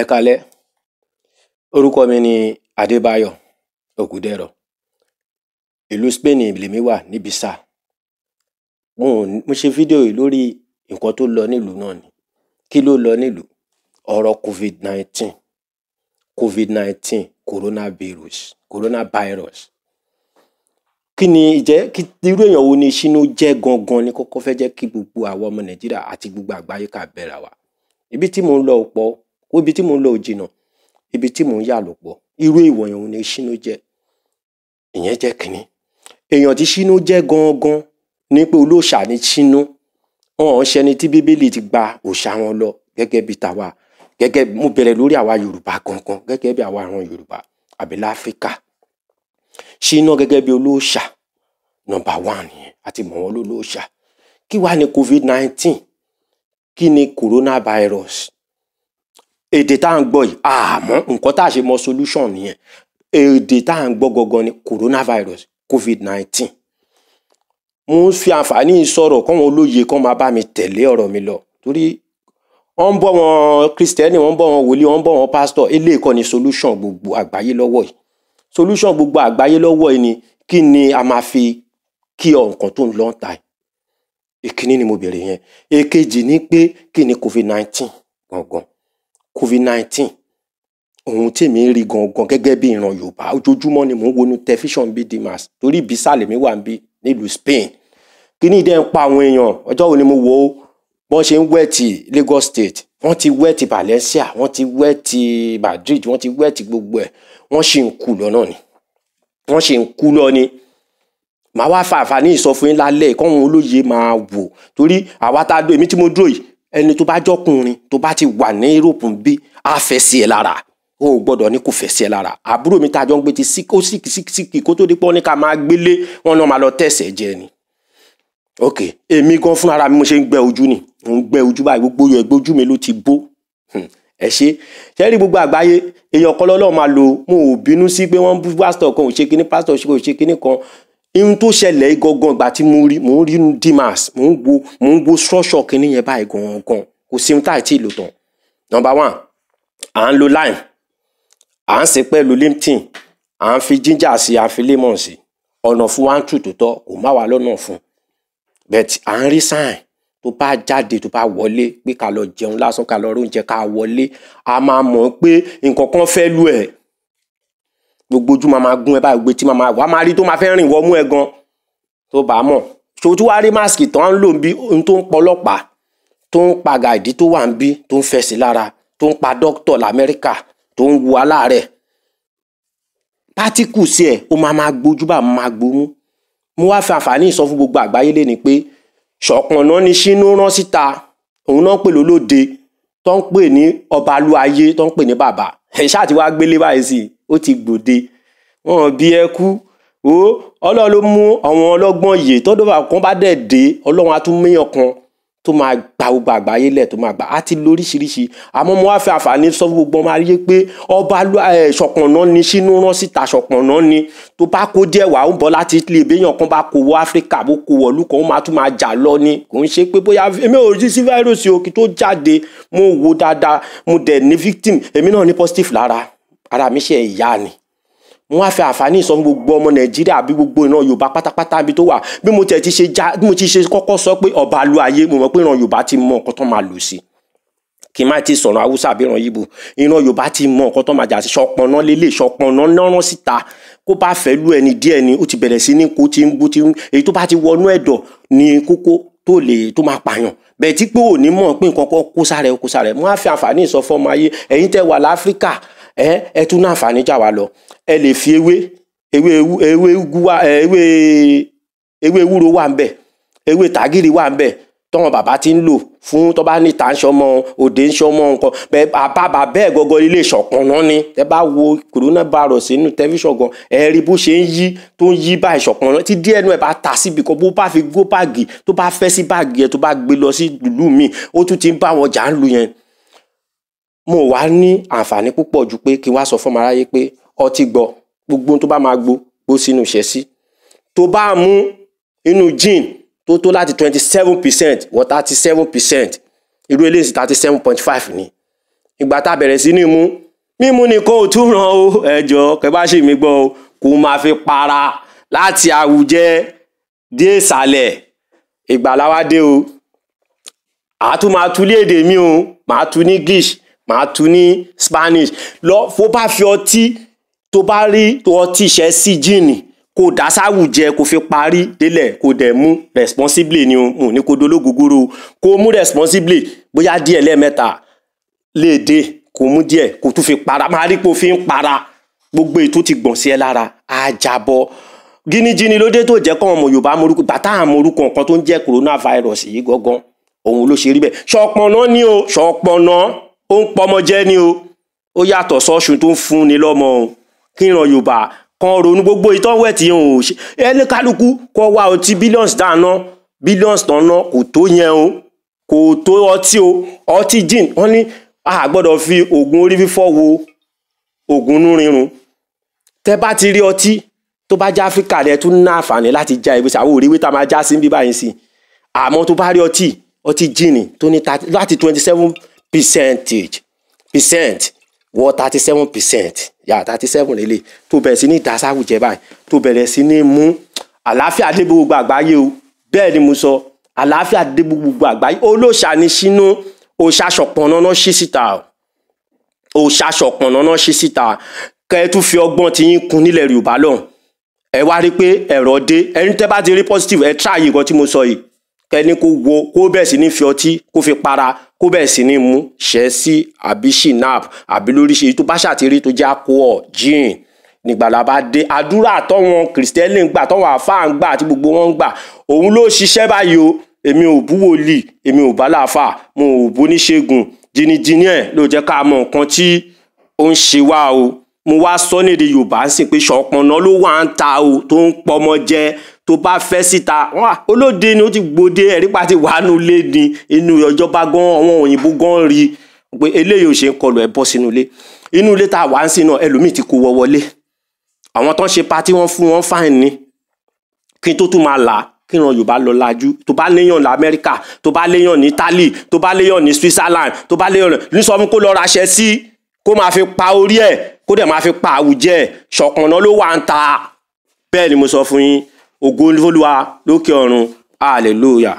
ẹ kalẹ́ orúkọ mi ni adébáyọ̀ ògùdẹ̀rọ̀ ìlú spain lèmi wà ní Ibiza mo mo ṣe fídíò yìí lórí nǹkan tó lọ nílùú náà ni kí ló lọ nílùú ọ̀rọ̀ covid nineteen covid nineteen coronavirus coronavirus kí ni ìjẹ́ kí irú èèyàn wo ni Ṣínú jẹ́ gangan ni kọ́kọ́ fẹ́ jẹ́ kí gbogbo àwọn ọmọ Nàìjíríà àti gbogbo àgbáyé kà bẹ̀rẹ̀ wa ibi tí mò ń lọ pọ̀ ibi tí mò ń lọ ò jìnnà ibi tí mò ń yà ló irú ìwọ̀ òun ni Ṣínú jẹ́ ìyẹn jẹ́ kínní èèyàn tí Ṣínú jẹ́ gangan ní pé olóòṣà ni Ṣínú wọn ò ń ṣẹni tí bíbélì ti gba òòṣà wọn lọ gẹ́gẹ́ bí tàwa gẹ́gẹ́ mo bẹ̀rẹ̀ lórí àwa Yorùbá gangan gẹ́gẹ́ bí àwa àwọn Yorùbá àbí láfíríkà Ṣínú gẹ́gẹ́ bí olóòṣà nọ́mbà one nìyẹn àti mọ̀ wọ́n lólóòṣà kí wàá ní covid nineteen kí ni coronavirus èdè tá à ń gbọ́ yìí àmọ́ nǹkan tá a ṣe mọ solution nìyẹn èdè tá à ń gbọ́ gangan ni coronavirus covid nineteen mo ń fi àǹfààní sọ̀rọ̀ kọ́ wọn olóye kọ́ máa bá mi tẹ̀lé ọ̀rọ̀ mi lọ torí wọ́n ń bọ́ wọn kristẹni wọ́n ń bọ́ wọn wòlíì wọ́n ń bọ́ wọn pásítọ̀ eléyìí kọ́ ni solution gbogbo àgbáyé lọ́wọ́ yìí solution gbogbo àgbáyé lọ́wọ́ yìí ni kí ni a máa fi kí ọ nǹkan tó ń lọ ta ẹ̀ ìkíní ni mo bèrè yẹn èkejì ni pé kí ni covid nineteen gangan covid nineteen. ohun tí èmi ń rí gangan gẹ́gẹ́ bí ìran Yorùbá ojoojúmọ́ ni mò ń wọnú tẹlifíṣàn bíi dimas torí ìbísàlẹ̀ mi wà ń nílùú Spain kí ni ìdẹ́ ń pa àwọn èèyàn ọjọ́ wo ni mo wò ó wọ́n ṣe ń wẹ́ẹ̀tì Lagos State wọ́n ti wẹ́ẹ̀tì Valencia wọ́n ti wẹ́ẹ̀tì Madrid wọ́n ti wẹ́ẹ̀tì gbogbo ẹ̀ wọ́n ṣì ń kú lọ́nà ni wọ́n ṣì ń kú lọ ni màá wá fa àǹfààní ìsọfún lálẹ́ ìkọ́hún olóye máa wò torí àwa tá a dó èmi tí mo dúró yìí ẹni tó bá jọkùnrin tó bá ti wà ní Europe bí á fẹ́ sí ẹ lára o gbọ́dọ̀ ní kò fẹ́ sí ẹ lára àbúrò mi tàjọ ń gbé ti síkó síkì kó tó di pọ́ ní ká máa gbélé wọn náà máa lọ tẹ̀sẹ̀ jẹ ni ok èmi gan fún ara mi mo ṣe ń gbẹ ojú ni mo ń gbẹ ojú báyìí gbogbo ẹgbẹ ojú mi ló ti bó hmm, ẹ ṣe ṣe rí gbogbo àgbáyé èèyàn kan lọ́lọ́ máa lò mo ò bínú sí pé wọ́n bú pásítọ̀ kan ò ṣe kinní pásítọ̀ kò ṣe kinní kan ihun tó ṣẹlẹ̀ gangan ìgbà tí mo rí mo ń rí dimas mo ń wo mo ń wo structure kìíní yẹn báyìí gangan kò sí ohun tá à ti lò tán number one à ń lo lime à ń ṣe pẹ̀lú linkedin à ń fi ginger sí à ń fi lemon sí ọ̀nà fún one two tó tọ́ kò má wà lọ́nà fún but à ń rí sign tó bá jáde tó bá wọlé pé ká lọ jẹun lásán ká lọ oúnjẹ ká wọlé a máa mọ̀ pé nǹkan kan fẹ́ lù ẹ́ gbogbo ojú ma máa gún ẹ báyìí gbetí máa máa wà á máa rí tó máa fẹ́ rìn wọ́mú ẹ gan tó bá mọ̀ ṣojú wá rí máàsì tó ń lò bí ohun tó ń pọlọ́pàá tó ń pa gàdí tó wà ń bí tó ń fẹsẹ̀ lára tó ń pa dókítọ̀ lamẹ́ríkà tó ń wu aláàárẹ̀ pátíkù sí ẹ̀ ó máa máa gbójú bá máa gbómú mo wá fi àǹfààní ìsọ fún gbogbo àgbáyé lé ni pé ṣọ̀pọ̀nà ni ṣínú rán síta òun náà pè lólóde tó ń pè ní ọbalúayé tó ń pè ní bàbá ẹ̀ ṣáà ti wá gbélé báyìí sí i ó ti gbòde wọn bí ẹ kú o ọlọ́run ló mú àwọn ọlọ́gbọ́n yìí tọ́dọ̀ bá kan bá dẹ̀ dé ọlọ́run á tún méyàn kan tó máa gba gbogbo àgbáyé lẹ̀ tó máa gbà á ti lóríṣiríṣi àmọ́ mo wá fẹ́ àǹfààní sọ fún gbogbo ọmọ ayé pé ọba ṣọ̀pọ̀nná ni sínú rán síta ṣọ̀pọ̀nná ni tó bá kó díẹ̀ wà ó ń bọ̀ láti Italy béèyàn kan bá kó wọ Áfíríkà bó kó wọ̀lú kan ó máa tún máa jà lọ ni kò ń ṣe pé bóyá èmi ò rí sí fáírọ̀sì òkè tó jáde mo wò dáadáa mo dẹ̀ ní victim èmi náà ní positive lára ara mi ṣe ìyá ni wọ́n á fẹ́ àǹfààní ìsọfún gbogbo ọmọ nàìjíríà àbí gbogbo ìran yorùbá pátápátá ibi tó wà bí mo tẹ̀ ti ṣe já bí mo ti ṣe kọ́kọ́ sọ pé ọba lu ayé mo mọ̀ pé ìran yorùbá ti mọ nǹkan tó máa lò sí kì í má ti sọ̀rọ̀ haúsá àbí ìran yíbo ìran yorùbá ti mọ nǹkan tó máa jà sí ṣọpọnà lélẹ̀ ṣọpọnà nọ́rán síta kó bá fẹ́ lú ẹni díẹ̀ ni ó ti bẹ̀rẹ̀ sí ní kó ti ń bó ti ń èyí tó bá ti wọnú ni kókó tó lè tó máa pààyàn bẹ́ẹ̀ tí pé ò ní mọ̀ pé nǹkan kan kó sára ẹ kó sára ẹ mo á fi àǹfààní ìsọfọ́mọ ẹ ẹ tún náà àǹfààní jà wá lọ ẹ lè fi ewé ewé ewé wá ewé ewé ewúro wà ń ewé tàgìrì wà ń bẹ bàbá ti ń lò fún tọ́ ní ta ń sọmọ òde ń sọmọ nǹkan bẹ́ẹ̀ bàbá bẹ́ẹ̀ gọ́gọ́ ilé ìṣọ̀kan náà ni ẹ bá wo corona virus nínú tẹ́fíṣọ̀ gan ẹ bó ṣe ń yí tó ń yí bá ìṣọ̀kan náà tí díẹ̀ náà ẹ bá ta síbi kan bó bá fi gó báàgì tó bá fẹ́ sí báàgì ẹ tó bá gbé lọ sí ìlú mi ó tún ti ń bá wọn jà ń lu yẹn mo wá ní àǹfààní púpọ̀ ju pé kí n wá sọ fún ọmọ aráyé pé ọtí gbọ gbogbo tó bá máa gbó gbó sínú ìṣẹ́sí tó bá mú inú gin tó tó láti twenty seven percent wọ thirty seven percent irú eléyìí thirty seven point five ni ìgbà tá a bẹ̀rẹ̀ sí ní mú mímú ni kò tún ràn ó ẹjọ́ kẹ bá ṣì mí gbọ́ o kò máa fi para láti àwùjẹ dé ìsàlẹ̀ ìgbàláwá dé o àá tún máa tu lé èdè mi o màá tu ní gish màá tu ní Spanish lọ fó bá fi ọtí tó bá rí tó ọtí ṣẹ́ sí jíìnì kò dá sáwùjẹ kò fi parí délẹ̀ kò dẹ̀ mú responsibly ni mo ní kó dológogoro kó mú responsibly bóyá díẹ̀ lẹ́ẹ̀mẹ́ta lè dé kò mú díẹ̀ kò tún fi para máa rí pé o fi ń para gbogbo ètò ti gbọ̀n sí ẹ lára àjàbọ̀ gíníjìní ló dé tó jẹ́ kọ́ ọmọ yorùbá morúkú bàtà àmorúkọ nǹkan tó ń jẹ́ coronavirus yìí gangan òun ló ṣe rí bẹ́ẹ̀ ṣọpọ̀nà ni o ṣọpọ̀nà ó ń pọmọ jẹ́ ni o ó yàtọ̀ sọ́ọ̀ṣù tó ń fúnni lọ́mọ o kíran yorùbá kan ronú gbogbo ìtàn wẹ̀tì hàn o ẹni kálukú kọ́ wa ọtí billions dáná billions tán ná kò tó yẹn o kò tó ọtí o ọtí gin wọ́n ní a gbọ́dọ̀ fi oògùn orí fífọ́ wo oògùn inú rírun tẹ bá ti rí ọtí tó bá já áfíríkà rẹ tún ní àǹfààní láti já ìwé sàwọn òrí wíta máa já sí bíbá yìí sí àmọ́ tó bá rí ọtí ọtí gin tó ní láti twenty seven percentage percent wọ thirty seven percent yà thirty seven lélẹ̀ tó bẹ̀rẹ̀ sí ní ìdásáwùjẹ báyìí tó bẹ̀rẹ̀ sí ní mú àlàáfíà dé gbogbo àgbáyé o bẹ́ẹ̀ ni mo sọ àlàáfíà dé gbogbo àgbáyé olóòṣà ni sínú òòṣà ṣọ̀pọ̀n náná ṣí síta òòṣà ṣọ̀pọ̀n náná ṣí síta kẹ́ ẹ tún fi ọgbọ́n ti yín kun nílẹ̀ Yorùbá lọ́hùn ẹ wá rí pé ẹ̀rọ dé ẹni tẹ́ bá ti rí positive ẹ tíráyè nǹkan tí mo sọ yìí kẹ́ ni kó wo kó bẹ̀ sí ní fi ọtí kó fi para kó bẹ́ẹ̀ sì ni mú ṣẹ́ẹ́sì àbí shinap àbí lóríṣiríṣi tó bá ṣàtìrí tó jẹ́ alcohol gin nígbàlá bá dé àdúrà tọ́wọn kìrìsìtẹ́nì ń gbà tọ́wọn àfáà ń gbà àti gbogbo wọn ń gbà òun ló ṣiṣẹ́ báyìí o èmi ò bú wòlíì èmi ò bá láàfà mo ò bú níṣègùn jìnnìjìnnì ẹ̀ ló jẹ́ ká mọ nǹkan tí ó ń ṣe wá o mo wá sọ Yorùbá ń sìn pé ṣọpọnà ló wà ń ta o tó ń pọmọ jẹ tó bá fẹ́ síta olóde ni ó ti gbòde ẹ̀rí pa ti wàánu lé ni inú ìjọba gan àwọn òyìnbó gan rí pé eléyìí ò ṣe ń kọlù ẹ bọ́ sínú ilé inú ilé tá a wá ń sìn náà ẹlòmíì ti kó wọ wọlé àwọn tó ń ṣe patí wọn fún wọn fáìn ni kí n tó tún máa là á kíran yorùbá lọ lajú tó bá léyàn ní amẹ́ríkà tó bá léyàn ní italy tó bá léyàn ní switzerland tó bá léyàn ní sọ fún kó lọ raṣẹ sí kó máa fi pa orí ẹ̀ kó dẹ̀ máa fi pa àwùjẹ ṣọ̀kànná ló wà ń ta bẹ́ẹ̀ ni mo sọ fún yín ògo olúwa lókè ọ̀run hallelujah.